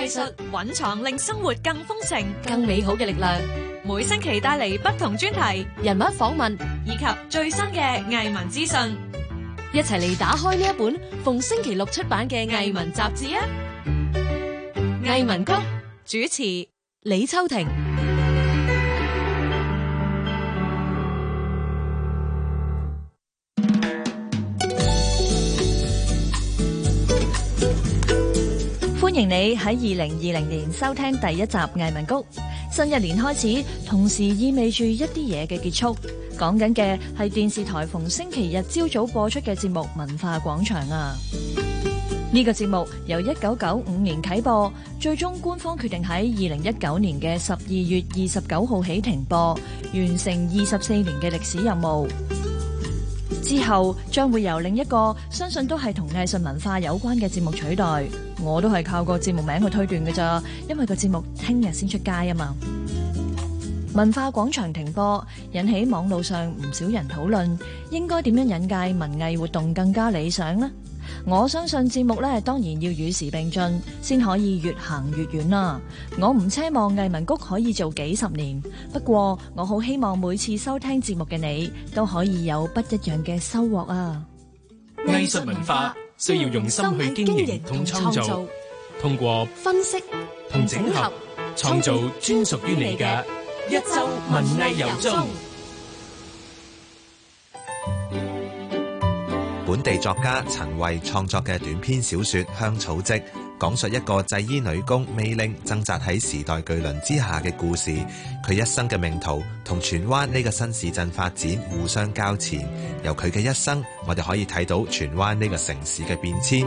藝術蘊藏令生活更豐盛、更美好嘅力量。每星期帶嚟不同專題、人物訪問以及最新嘅藝文資訊，一齊嚟打開呢一本逢星期六出版嘅藝文雜誌啊！藝文谷主持李秋婷。歡迎你喺二零二零年收聽第一集《藝文谷》。新一年開始，同時意味住一啲嘢嘅結束。講緊嘅係電視台逢星期日朝早播出嘅節目《文化廣場》啊。呢個節目由一九九五年啟播，最終官方決定喺二零一九年嘅十二月二十九號起停播，完成二十四年嘅歷史任務之後，將會由另一個相信都係同藝術文化有關嘅節目取代。我都係靠個節目名去推斷㗎咋，因為個節目聽日先出街啊嘛。文化廣場停播，引起網路上唔少人討論，應該點樣引介文藝活動更加理想呢？我相信節目咧，當然要與時並進，先可以越行越遠啦。我唔奢望藝文谷可以做幾十年，不過我好希望每次收聽節目嘅你，都可以有不一樣嘅收穫啊！藝術文化。需要用心去經營同創，創造，通過分析同整合，創造專屬於你嘅一周文藝有中。本地作家陳慧創作嘅短篇小說《香草織》。講述一個製衣女工未令掙扎喺時代巨輪之下嘅故事，佢一生嘅命途同荃灣呢個新市鎮發展互相交纏，由佢嘅一生，我哋可以睇到荃灣呢個城市嘅變遷。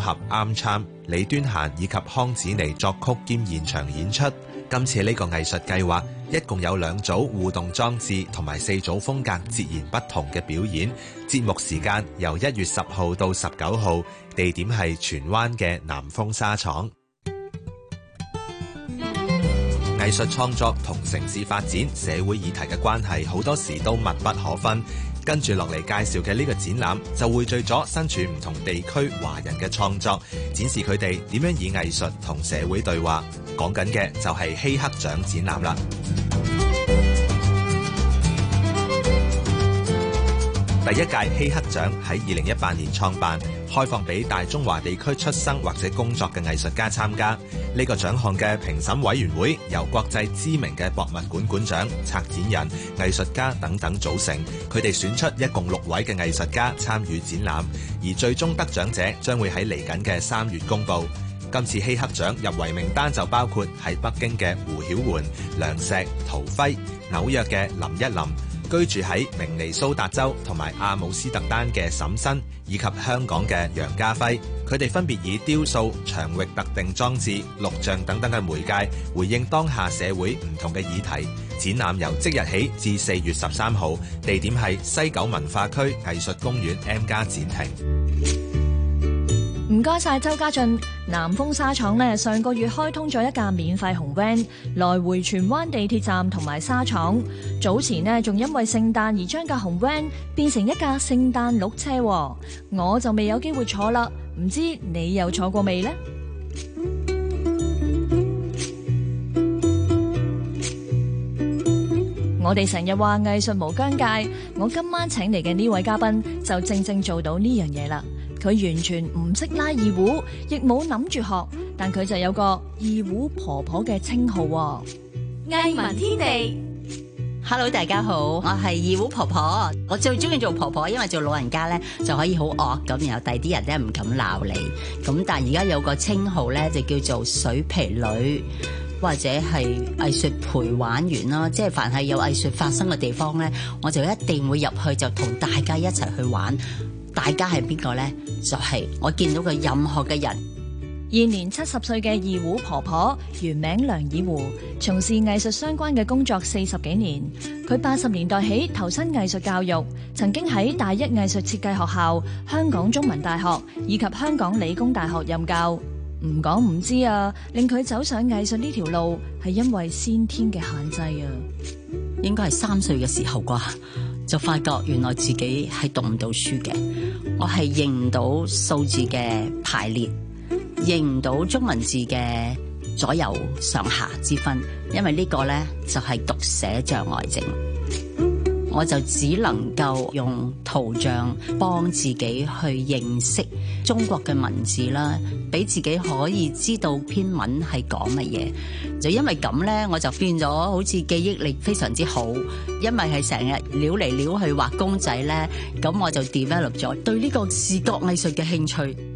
合啱參李端嫻以及康子妮作曲兼現場演出。今次呢個藝術計劃一共有兩組互動裝置同埋四組風格截然不同嘅表演。節目時間由一月十號到十九號，地點係荃灣嘅南豐紗廠。藝術創作同城市發展、社會議題嘅關係，好多時都密不可分。跟住落嚟介紹嘅呢個展覽，就匯聚咗身處唔同地區華人嘅創作，展示佢哋點樣以藝術同社會對話。講緊嘅就係希克獎展覽啦。第一屆希克獎喺二零一八年創辦，開放俾大中華地區出生或者工作嘅藝術家參加。呢、這個獎項嘅評審委員會由國際知名嘅博物館館長、策展人、藝術家等等組成，佢哋選出一共六位嘅藝術家參與展覽，而最終得獎者將會喺嚟緊嘅三月公布。今次希克獎入圍名單就包括喺北京嘅胡曉媛、梁石、陶輝，紐約嘅林一林。居住喺明尼蘇達州同埋阿姆斯特丹嘅沈申以及香港嘅楊家輝，佢哋分別以雕塑、場域特定裝置、錄像等等嘅媒介回應當下社會唔同嘅議題。展覽由即日起至四月十三號，地點係西九文化區藝術公園 M+ 展亭。唔該晒，周家俊。南豐沙廠咧，上個月開通咗一架免費紅 van 來回荃灣地鐵站同埋沙廠。早前咧，仲因為聖誕而將架紅 van 變成一架聖誕鹿車，我就未有機會坐啦。唔知你有坐過未呢？我哋成日話藝術無疆界，我今晚請嚟嘅呢位嘉賓就正正做到呢樣嘢啦。佢完全唔識拉二胡，亦冇諗住學，但佢就有個二胡婆婆嘅稱號。藝文天地，Hello，大家好，我係二胡婆婆，我最中意做婆婆，因為做老人家呢就可以好惡咁，然後第啲人咧唔敢鬧你。咁但係而家有個稱號呢，就叫做水皮女或者係藝術陪玩員啦。即係凡係有藝術發生嘅地方呢，我就一定會入去，就同大家一齊去玩。大家係邊個呢？就係、是、我見到嘅任何嘅人。現年七十歲嘅二胡婆婆，原名梁以瑚，從事藝術相關嘅工作四十幾年。佢八十年代起投身藝術教育，曾經喺大一藝術設計學校、香港中文大學以及香港理工大學任教。唔講唔知啊，令佢走上藝術呢條路係因為先天嘅限制啊，應該係三歲嘅時候啩。就發覺原來自己係讀唔到書嘅，我係認唔到數字嘅排列，認唔到中文字嘅左右上下之分，因為呢個呢，就係讀寫障礙症。我就只能夠用圖像幫自己去認識中國嘅文字啦，俾自己可以知道篇文係講乜嘢。就因為咁呢，我就變咗好似記憶力非常之好，因為係成日撩嚟撩去畫公仔呢。咁我就 develop 咗對呢個視覺藝術嘅興趣。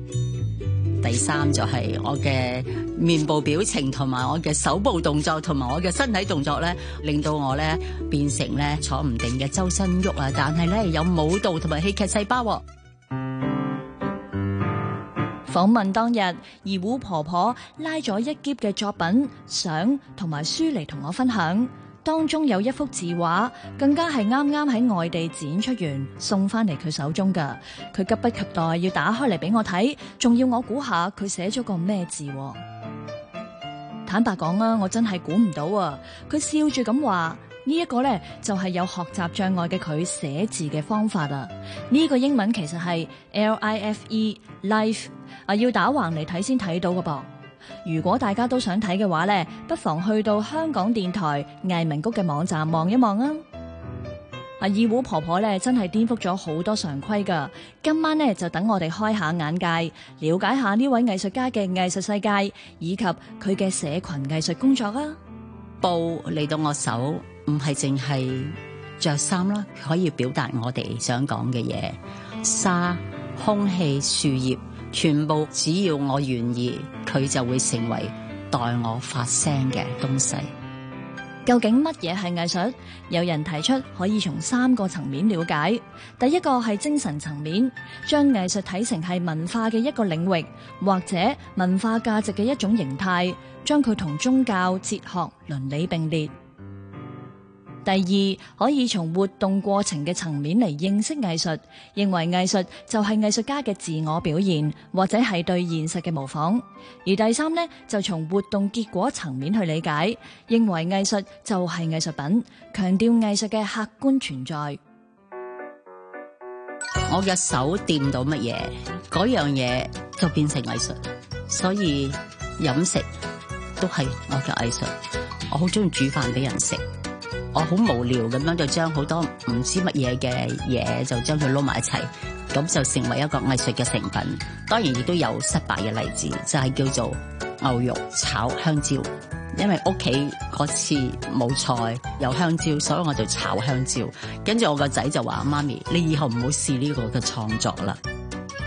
第三就係、是、我嘅面部表情，同埋我嘅手部動作，同埋我嘅身體動作咧，令到我咧變成咧坐唔定嘅周身喐啊！但係咧有舞蹈同埋戲劇細胞。訪問當日，二胡婆婆拉咗一疊嘅作品、相同埋書嚟同我分享。當中有一幅字畫，更加係啱啱喺外地展出完，送翻嚟佢手中噶。佢急不及待要打開嚟俾我睇，仲要我估下佢寫咗個咩字。坦白講啦，我真係估唔到啊！佢笑住咁話：呢一個呢，就係有學習障礙嘅佢寫字嘅方法啦。呢個英文其實係 L I F E Life 啊，要打橫嚟睇先睇到嘅噃。如果大家都想睇嘅話咧，不妨去到香港電台藝文谷嘅網站望一望啊！二胡婆婆咧真係顛覆咗好多常規噶。今晚咧就等我哋開下眼界，了解下呢位藝術家嘅藝術世界以及佢嘅社群藝術工作啊！布嚟到我手，唔係淨係着衫啦，可以表達我哋想講嘅嘢。沙、空氣、樹葉。全部只要我願意，佢就會成為代我發聲嘅東西。究竟乜嘢係藝術？有人提出，可以從三個層面了解。第一個係精神層面，將藝術睇成係文化嘅一個領域，或者文化價值嘅一種形態，將佢同宗教、哲學、倫理並列。第二，可以從活動過程嘅層面嚟認識藝術，認為藝術就係藝術家嘅自我表現，或者係對現實嘅模仿；而第三呢就從活動結果層面去理解，認為藝術就係藝術品，強調藝術嘅客觀存在。我嘅手掂到乜嘢，嗰樣嘢就變成藝術，所以飲食都係我嘅藝術。我好中意煮飯俾人食。我好無聊咁樣就將好多唔知乜嘢嘅嘢就將佢撈埋一齊，咁就成為一個藝術嘅成品。當然亦都有失敗嘅例子，就係叫做牛肉炒香蕉。因為屋企嗰次冇菜有香蕉，所以我就炒香蕉。跟住我個仔就話：媽咪，你以後唔好試呢個嘅創作啦。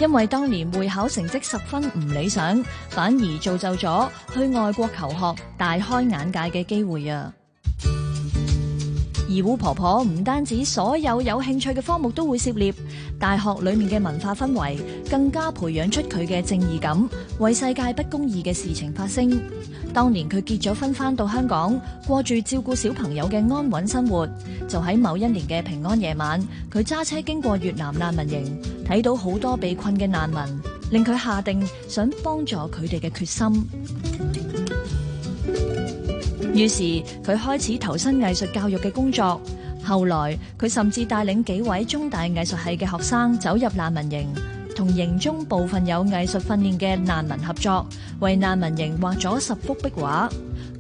因為當年會考成績十分唔理想，反而造就咗去外國求學、大開眼界嘅機會啊！二胡婆婆唔單止所有有興趣嘅科目都會涉獵，大學裏面嘅文化氛圍更加培養出佢嘅正義感，為世界不公義嘅事情發聲。當年佢結咗婚，翻到香港，過住照顧小朋友嘅安穩生活。就喺某一年嘅平安夜晚，佢揸車經過越南難民營，睇到好多被困嘅難民，令佢下定想幫助佢哋嘅決心。於是佢開始投身藝術教育嘅工作，後來佢甚至帶領幾位中大藝術系嘅學生走入難民營，同營中部分有藝術訓練嘅難民合作，為難民營畫咗十幅壁畫。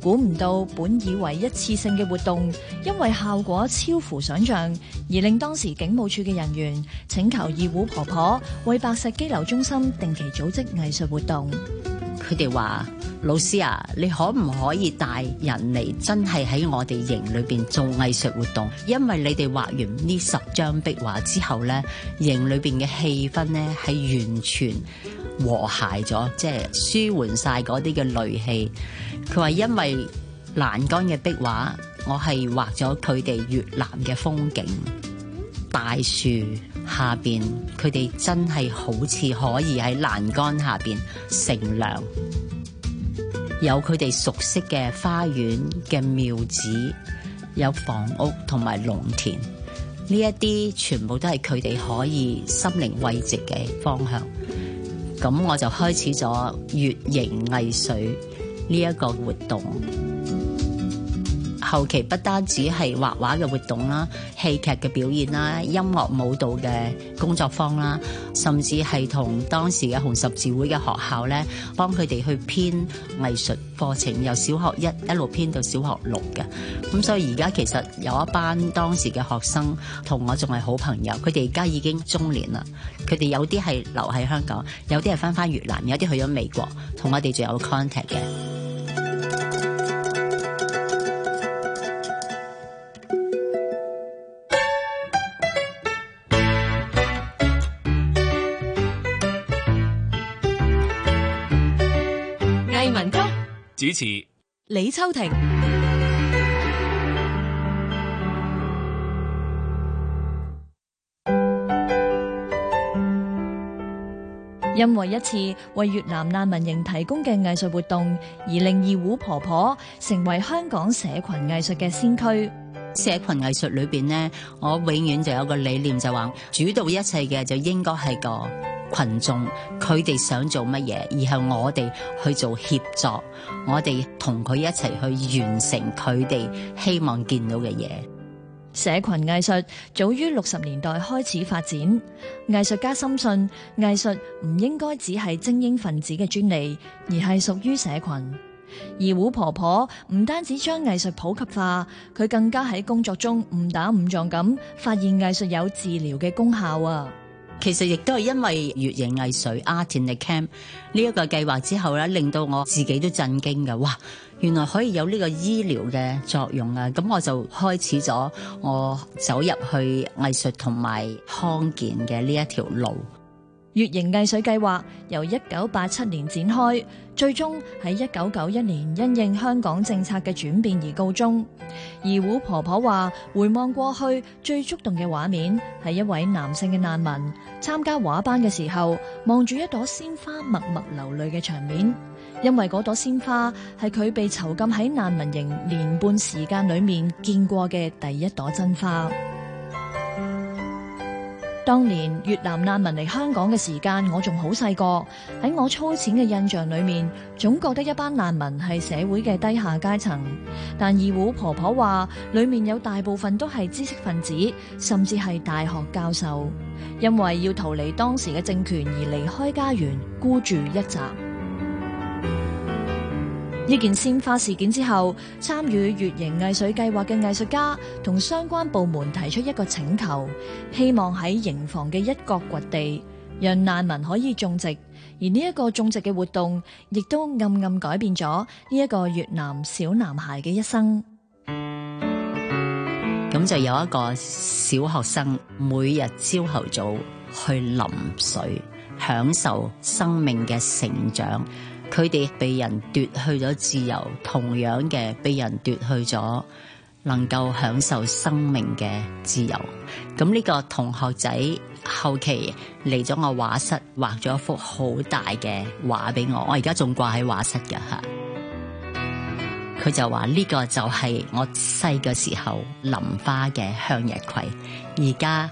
估唔到本以為一次性嘅活動，因為效果超乎想象，而令當時警務處嘅人員請求二胡婆婆為白石拘留中心定期組織藝術活動。佢哋話：老師啊，你可唔可以帶人嚟真係喺我哋營裏邊做藝術活動？因為你哋畫完呢十張壁畫之後呢，營裏邊嘅氣氛呢係完全和諧咗，即係舒緩晒嗰啲嘅戾氣。佢話因為欄杆嘅壁畫，我係畫咗佢哋越南嘅風景，大樹。下邊佢哋真係好似可以喺欄杆下邊乘涼，有佢哋熟悉嘅花園嘅廟子，有房屋同埋農田，呢一啲全部都係佢哋可以心靈慰藉嘅方向。咁我就開始咗越營藝穗呢一個活動。後期不單止係畫畫嘅活動啦、戲劇嘅表演啦、音樂舞蹈嘅工作坊啦，甚至係同當時嘅紅十字會嘅學校咧，幫佢哋去編藝術課程，由小學一一路編到小學六嘅。咁所以而家其實有一班當時嘅學生同我仲係好朋友，佢哋而家已經中年啦。佢哋有啲係留喺香港，有啲係返返越南，有啲去咗美國，同我哋仲有 contact 嘅。主持李秋婷，因為一次為越南難民營提供嘅藝術活動，而令二胡婆婆成為香港社群藝術嘅先驅。社群藝術裏邊咧，我永遠就有一個理念就話，主導一切嘅就應該係個。群眾佢哋想做乜嘢，而係我哋去做協助，我哋同佢一齊去完成佢哋希望見到嘅嘢。社群藝術早於六十年代開始發展，藝術家深信藝術唔應該只係精英分子嘅專利，而係屬於社群。二胡婆婆唔單止將藝術普及化，佢更加喺工作中誤打誤撞咁發現藝術有治療嘅功效啊！其實亦都係因為越營藝術 Art in the Camp 呢一個計劃之後呢，令到我自己都震驚嘅。哇！原來可以有呢個醫療嘅作用啊！咁我就開始咗我走入去藝術同埋康健嘅呢一條路。越營藝穗計劃由一九八七年展開，最終喺一九九一年因應香港政策嘅轉變而告終。二胡婆婆話，回望過去最觸動嘅畫面係一位男性嘅難民參加畫班嘅時候，望住一朵鮮花默默流淚嘅場面，因為嗰朵鮮花係佢被囚禁喺難民營年半時間裏面見過嘅第一朵真花。當年越南難民嚟香港嘅時間，我仲好細個。喺我粗淺嘅印象裏面，總覺得一班難民係社會嘅低下階層。但二胡婆婆話，裏面有大部分都係知識分子，甚至係大學教授，因為要逃離當時嘅政權而離開家園，孤注一擲。呢件鮮花事件之後，參與越營藝穗計劃嘅藝術家同相關部門提出一個請求，希望喺營房嘅一角掘地，讓難民可以種植。而呢一個種植嘅活動，亦都暗暗改變咗呢一個越南小男孩嘅一生。咁就有一個小學生，每日朝頭早去淋水，享受生命嘅成長。佢哋被人奪去咗自由，同樣嘅被人奪去咗能夠享受生命嘅自由。咁呢個同學仔後期嚟咗我畫室，畫咗一幅好大嘅畫俾我，我而家仲掛喺畫室噶吓。佢就話呢個就係我細個時候淋花嘅向日葵，而家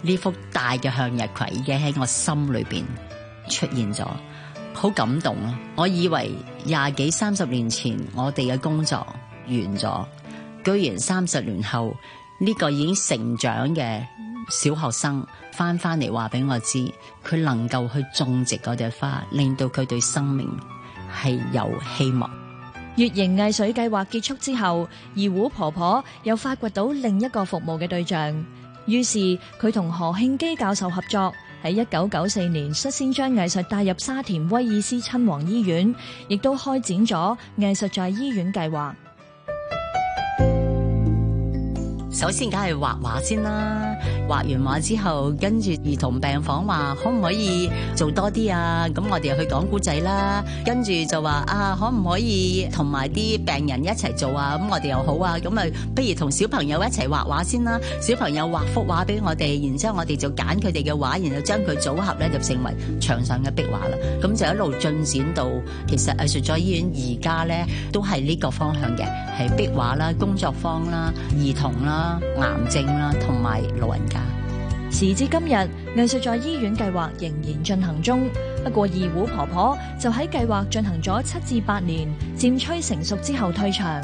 呢幅大嘅向日葵已經喺我心裏邊出現咗。好感動啊，我以為廿幾三十年前我哋嘅工作完咗，居然三十年後呢、這個已經成長嘅小學生翻翻嚟，話俾我知，佢能夠去種植嗰隻花，令到佢對生命係有希望。越營藝穗計劃結束之後，二胡婆婆又發掘到另一個服務嘅對象，於是佢同何慶基教授合作。喺一九九四年率先將藝術帶入沙田威爾斯親王醫院，亦都開展咗藝術在醫院計劃。首先梗係畫畫先啦，畫完畫之後，跟住兒童病房話，可唔可以做多啲啊？咁我哋又去講故仔啦，跟住就話啊，可唔可以同埋啲病人一齊做啊？咁我哋又好啊，咁咪不如同小朋友一齊畫畫先啦。小朋友畫幅畫俾我哋，然之後我哋就揀佢哋嘅畫，然後將佢組合咧，就成為牆上嘅壁畫啦。咁就一路進展到，其實藝術在醫院而家咧都係呢個方向嘅，係壁畫啦、工作坊啦、兒童啦。癌症啦，同埋老人家。時至今日，藝術在醫院計劃仍然進行中。不過二胡婆婆就喺計劃進行咗七至八年，漸趨成熟之後退場。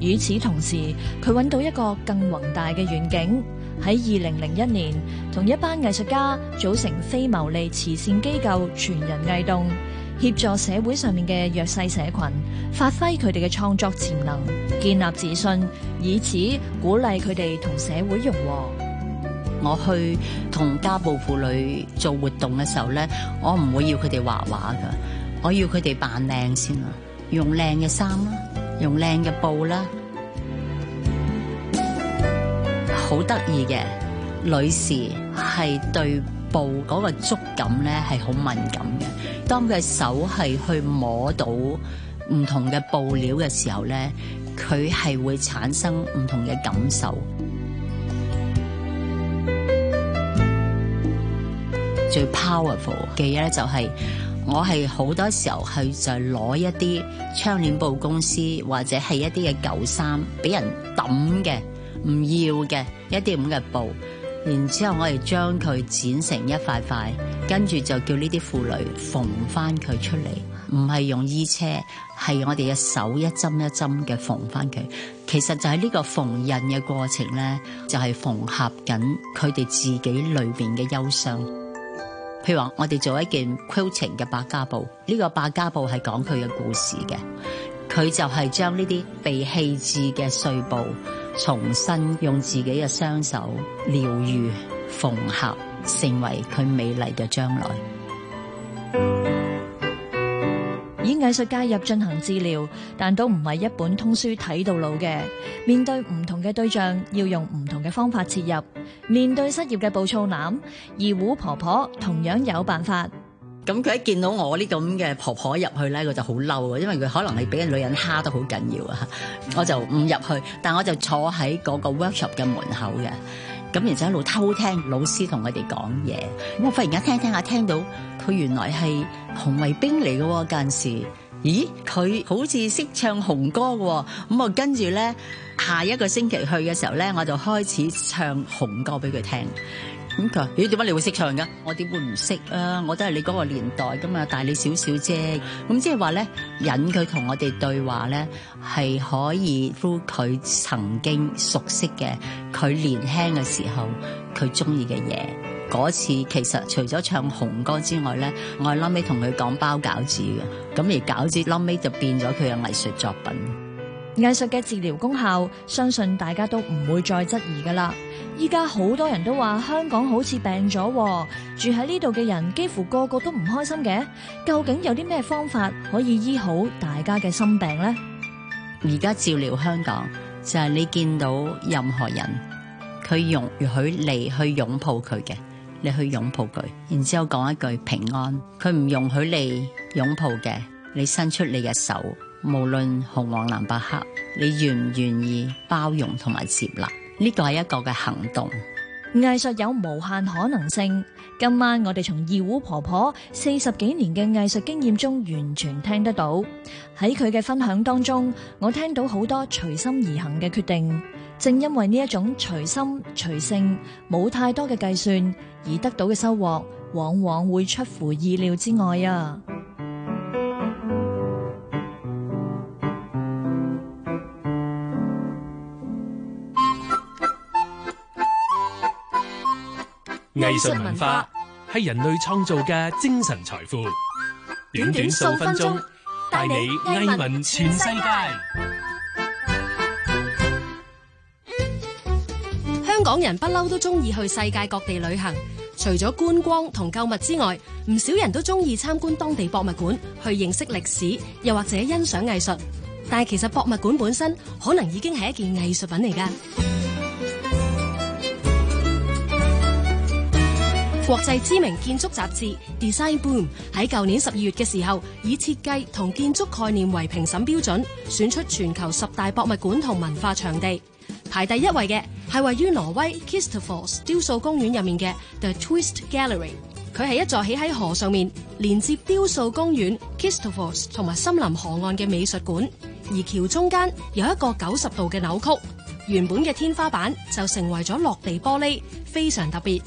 與此同時，佢揾到一個更宏大嘅願景。喺二零零一年，同一班藝術家組成非牟利慈善機構全人藝動，協助社會上面嘅弱勢社群，發揮佢哋嘅創作潛能，建立自信。以此鼓勵佢哋同社會融合。我去同家暴婦女做活動嘅時候咧，我唔會要佢哋畫畫㗎，我要佢哋扮靚先啦，用靚嘅衫啦，用靚嘅布啦，好得意嘅女士係對布嗰個觸感咧係好敏感嘅，當佢嘅手係去摸到唔同嘅布料嘅時候咧。佢係會產生唔同嘅感受，最 powerful 嘅嘢咧就係我係好多時候係，就攞一啲窗簾布公司或者係一啲嘅舊衫俾人抌嘅唔要嘅一啲咁嘅布，然之後我哋將佢剪成一塊塊，跟住就叫呢啲婦女縫翻佢出嚟。唔係用衣車，係用我哋嘅手一針一針嘅縫翻佢。其實就係呢個縫紉嘅過程咧，就係、是、縫合緊佢哋自己裏邊嘅憂傷。譬如話，我哋做一件 quilting 嘅百家布，呢、這個百家布係講佢嘅故事嘅。佢就係將呢啲被棄置嘅碎布，重新用自己嘅雙手療癒縫合，成為佢美麗嘅將來。藝術介入進行治療，但都唔係一本通書睇到老嘅。面對唔同嘅對象，要用唔同嘅方法切入。面對失業嘅暴躁男，二胡婆婆同樣有辦法。咁佢一見到我呢咁嘅婆婆入去呢，佢就好嬲啊，因為佢可能係俾女人蝦得好緊要啊。我就唔入去，但我就坐喺嗰個 workshop 嘅門口嘅。咁然就一路偷聽老師同佢哋講嘢，咁我忽然間聽聽下，聽到佢原來係紅衛兵嚟嘅喎，嗰陣時，咦，佢好似識唱紅歌喎，咁啊跟住咧，下一個星期去嘅時候咧，我就開始唱紅歌俾佢聽。咁佢，咦，點解你會識唱㗎？我點會唔識啊？我都係你嗰個年代㗎嘛，大你少少啫。咁即係話咧，引佢同我哋對話咧，係可以 through 佢曾經熟悉嘅，佢年輕嘅時候佢中意嘅嘢。嗰次其實除咗唱紅歌之外咧，我係後尾同佢講包餃子嘅，咁而餃子後尾就變咗佢嘅藝術作品。藝術嘅治療功效，相信大家都唔會再質疑噶啦。依家，好多人都話香港好似病咗，住喺呢度嘅人幾乎個個都唔開心嘅。究竟有啲咩方法可以醫好大家嘅心病呢？而家照料香港就係你見到任何人，佢容許你去擁抱佢嘅，你去擁抱佢，然之後講一句平安。佢唔容許你擁抱嘅，你伸出你嘅手。無論紅黃藍白黑，你願唔願意包容同埋接納？呢個係一個嘅行動。藝術有無限可能性。今晚我哋從二胡婆婆四十幾年嘅藝術經驗中，完全聽得到。喺佢嘅分享當中，我聽到好多隨心而行嘅決定。正因為呢一種隨心隨性，冇太多嘅計算，而得到嘅收穫，往往會出乎意料之外啊！藝術文化係人類創造嘅精神財富。短短數分鐘，帶你藝文全世界。香港人不嬲都中意去世界各地旅行，除咗觀光同購物之外，唔少人都中意參觀當地博物館，去認識歷史，又或者欣賞藝術。但係其實博物館本身可能已經係一件藝術品嚟㗎。國際知名建築雜誌 Design Boom 喺舊年十二月嘅時候，以設計同建築概念為評審標準，選出全球十大博物館同文化場地。排第一位嘅係位於挪威 Kistefos 雕塑公園入面嘅 The Twist Gallery。佢係一座起喺河上面，連接雕塑公園 Kistefos 同埋森林河岸嘅美術館。而橋中間有一個九十度嘅扭曲，原本嘅天花板就成為咗落地玻璃，非常特別。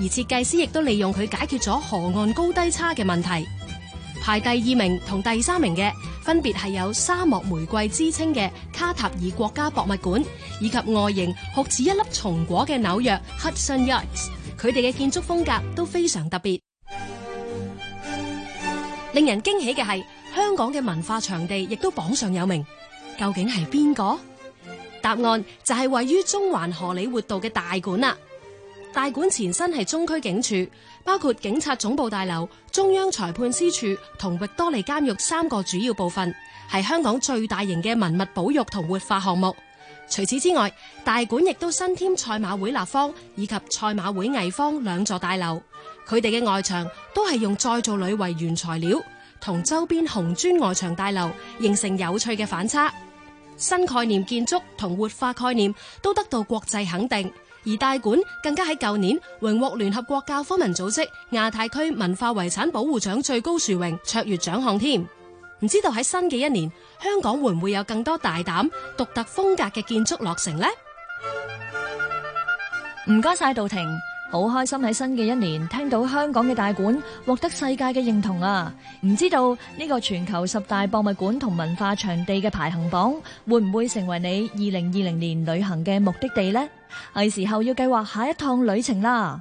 而設計師亦都利用佢解決咗河岸高低差嘅問題。排第二名同第三名嘅分別係有沙漠玫瑰之稱嘅卡塔爾國家博物館，以及外形酷似一粒松果嘅紐約 Hudson Yards。佢哋嘅建築風格都非常特別。令人驚喜嘅係，香港嘅文化場地亦都榜上有名。究竟係邊個？答案就係位於中環荷里活道嘅大館啦。大館前身係中區警署，包括警察總部大樓、中央裁判司署同域多利監獄三個主要部分，係香港最大型嘅文物保育同活化項目。除此之外，大館亦都新添賽馬會立方以及賽馬會藝方兩座大樓，佢哋嘅外牆都係用再造鋁為原材料，同周邊紅磚外牆大樓形成有趣嘅反差。新概念建築同活化概念都得到國際肯定。而大館更加喺舊年榮獲聯合國教科文組織亞太區文化遺產保護獎最高殊榮卓越獎項添。唔知道喺新嘅一年，香港會唔會有更多大膽獨特風格嘅建築落成呢？唔該晒，秋婷。好開心喺新嘅一年聽到香港嘅大館獲得世界嘅認同啊！唔知道呢個全球十大博物館同文化場地嘅排行榜會唔會成為你二零二零年旅行嘅目的地呢？係時候要計劃下一趟旅程啦！